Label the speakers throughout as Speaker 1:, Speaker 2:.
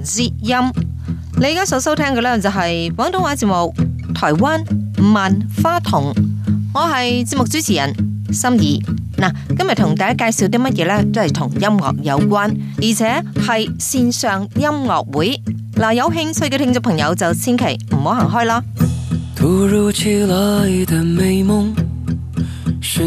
Speaker 1: 節音，你而家所收聽嘅呢，就係廣東話節目《台灣萬花筒》，我係節目主持人心怡。嗱，今日同大家介紹啲乜嘢呢？都係同音樂有關，而且係線上音樂會。嗱，有興趣嘅聽眾朋友就千祈唔好行開啦。
Speaker 2: 突如其來的美夢是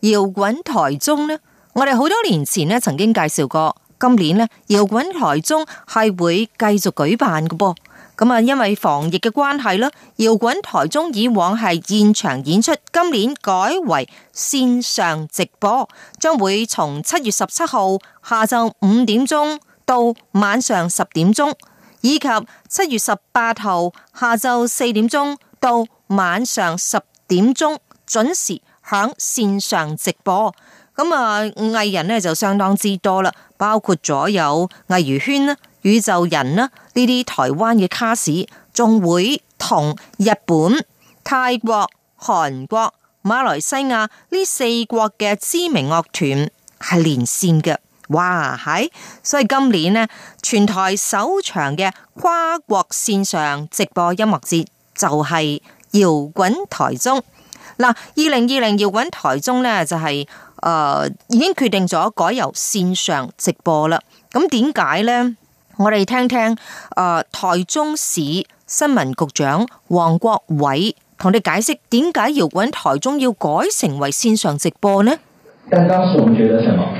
Speaker 1: 搖滾台中呢？我哋好多年前呢曾經介紹過，今年呢搖滾台中係會繼續舉辦嘅噃。咁啊，因為防疫嘅關係啦，搖滾台中以往係現場演出，今年改為線上直播，將會從七月十七號下晝五點鐘到晚上十點鐘，以及七月十八號下晝四點鐘到晚上十點鐘準時。響線上直播，咁啊藝人呢就相當之多啦，包括咗有魏如萱啦、宇宙人啦呢啲台灣嘅卡士，仲會同日本、泰國、韓國、馬來西亞呢四國嘅知名樂團係連線嘅，哇係！所以今年呢，全台首場嘅跨國線上直播音樂節就係搖滾台中。嗱，二零二零搖滾台中呢，就係、是、誒、呃、已經決定咗改由線上直播啦。咁點解呢？我哋聽聽誒、呃、台中市新聞局長黃國偉同你解釋點解搖滾台中要改成為線上直播呢？但當時我們覺得什麼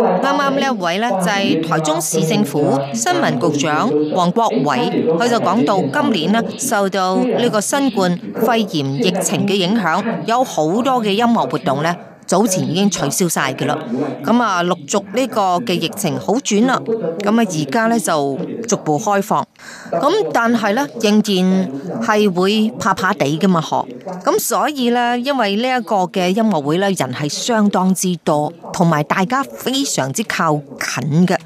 Speaker 1: 啱啱呢一位呢就係台中市政府新聞局長黃國偉。佢就講到今年呢，受到呢個新冠肺炎疫情嘅影響，有好多嘅音樂活動呢。早前已經取消晒嘅啦，咁啊，陸續呢個嘅疫情好轉啦，咁啊而家咧就逐步開放，咁但係咧仍然係會怕怕地㗎嘛呵，咁所以咧，因為呢一個嘅音樂會咧人係相當之多，同埋大家非常之靠近嘅，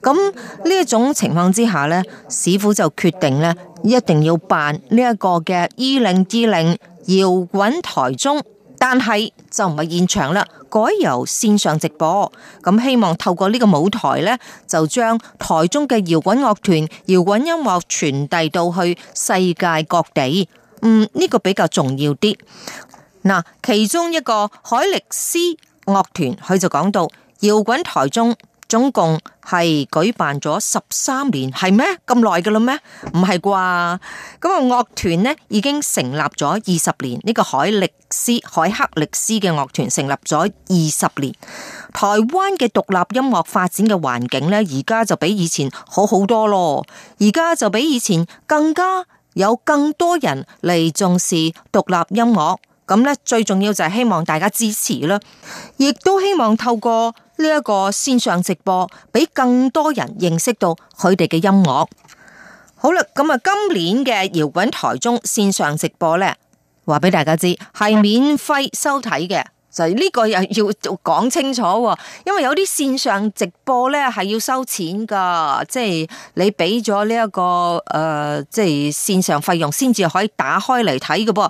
Speaker 1: 咁呢一種情況之下咧，市府就決定咧一定要辦呢一個嘅二零二零搖滾台中。但係就唔係現場啦，改由線上直播。咁希望透過呢個舞台咧，就將台中嘅搖滾樂團、搖滾音樂傳遞到去世界各地。嗯，呢個比較重要啲。嗱，其中一個海力斯樂團，佢就講到搖滾台中。總共係舉辦咗十三年，係咩咁耐㗎喇咩？唔係啩？咁啊，樂團呢，已經成立咗二十年。呢個海力斯、海克力斯嘅樂團成立咗二十年。台灣嘅獨立音樂發展嘅環境呢，而家就比以前好好多咯，而家就比以前更加有更多人嚟重視獨立音樂。咁咧，最重要就係希望大家支持啦，亦都希望透過呢一個線上直播，俾更多人認識到佢哋嘅音樂。好啦，咁啊，今年嘅搖滾台中線上直播咧，話俾大家知係免費收睇嘅，就係呢個又要講清楚，因為有啲線上直播咧係要收錢噶即係你俾咗呢一個誒，即係線上費用先至可以打開嚟睇嘅噃。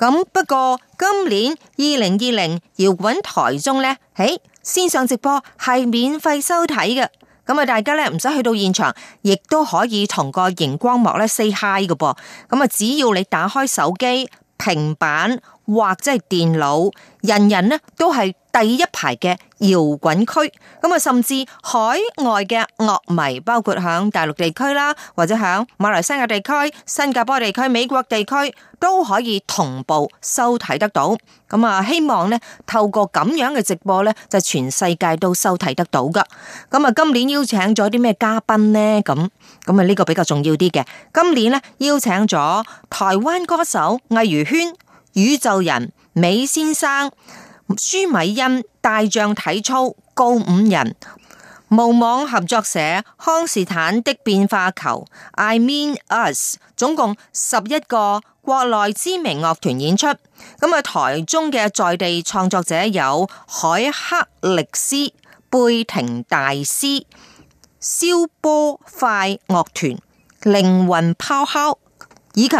Speaker 1: 咁不過今年二零二零搖滾台中呢誒，線上直播係免費收睇嘅，咁啊，大家咧唔使去到現場，亦都可以同個熒光幕咧 say hi 嘅噃。咁啊，只要你打開手機、平板，或者係電腦，人人呢都係第一排嘅搖滾區。咁啊，甚至海外嘅樂迷，包括響大陸地區啦，或者響馬來西亞地區、新加坡地區、美國地區，都可以同步收睇得到。咁啊，希望呢透過咁樣嘅直播呢，就全世界都收睇得到㗎。咁啊，今年邀請咗啲咩嘉賓呢？咁咁啊，呢個比較重要啲嘅。今年呢邀請咗台灣歌手魏如萱。宇宙人、麋先生、舒米恩、大象體操、告五人、無網合作社、康斯坦的變化球、I mean us，總共十一個國內知名樂團演出。咁啊，台中嘅在地創作者有海克力斯、貝廷大師、燒波快樂團、靈魂咆哮以及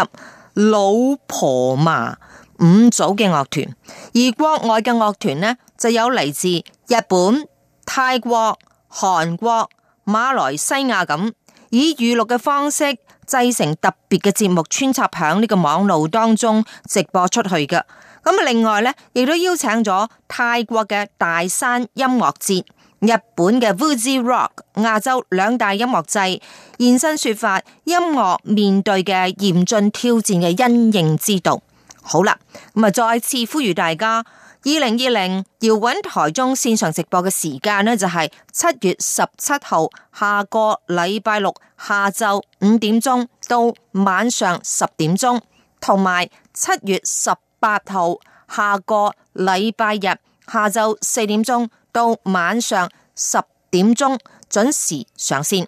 Speaker 1: 老婆麻。五組嘅樂團，而國外嘅樂團呢，就有嚟自日本、泰國、韓國、馬來西亞咁，以預錄嘅方式製成特別嘅節目，穿插響呢個網路當中直播出去嘅。咁另外呢，亦都邀請咗泰國嘅大山音樂節、日本嘅 Fuji Rock 亞洲兩大音樂祭現身說法，音樂面對嘅嚴峻挑戰嘅因應之道。好啦，咁啊，再次呼籲大家，二零二零搖滾台中線上直播嘅時間呢，就係七月十七號下個禮拜六下晝五點鐘到晚上十點鐘，同埋七月十八號下個禮拜日下晝四點鐘到晚上十點鐘準時上線，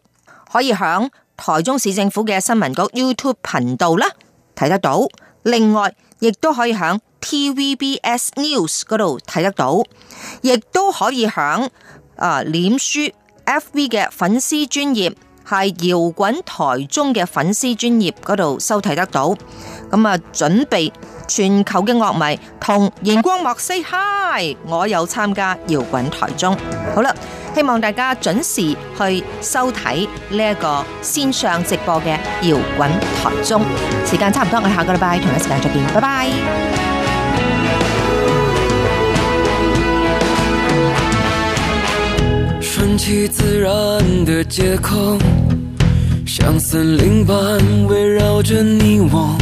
Speaker 1: 可以響台中市政府嘅新聞局 YouTube 頻道啦睇得到，另外。亦都可以喺 TVBS News 嗰度睇得到，亦都可以喺啊臉書 FB 嘅粉絲專頁係搖滾台中嘅粉絲專頁嗰度收睇得到，咁啊準備。全球嘅樂迷同熒光幕 say hi，我有參加搖滾台中，好啦，希望大家準時去收睇呢一個線上直播嘅搖滾台中。時間差唔多，我下個禮拜同一時間再見，拜拜。
Speaker 2: 順其自然的借口，像森林般圍繞着你我。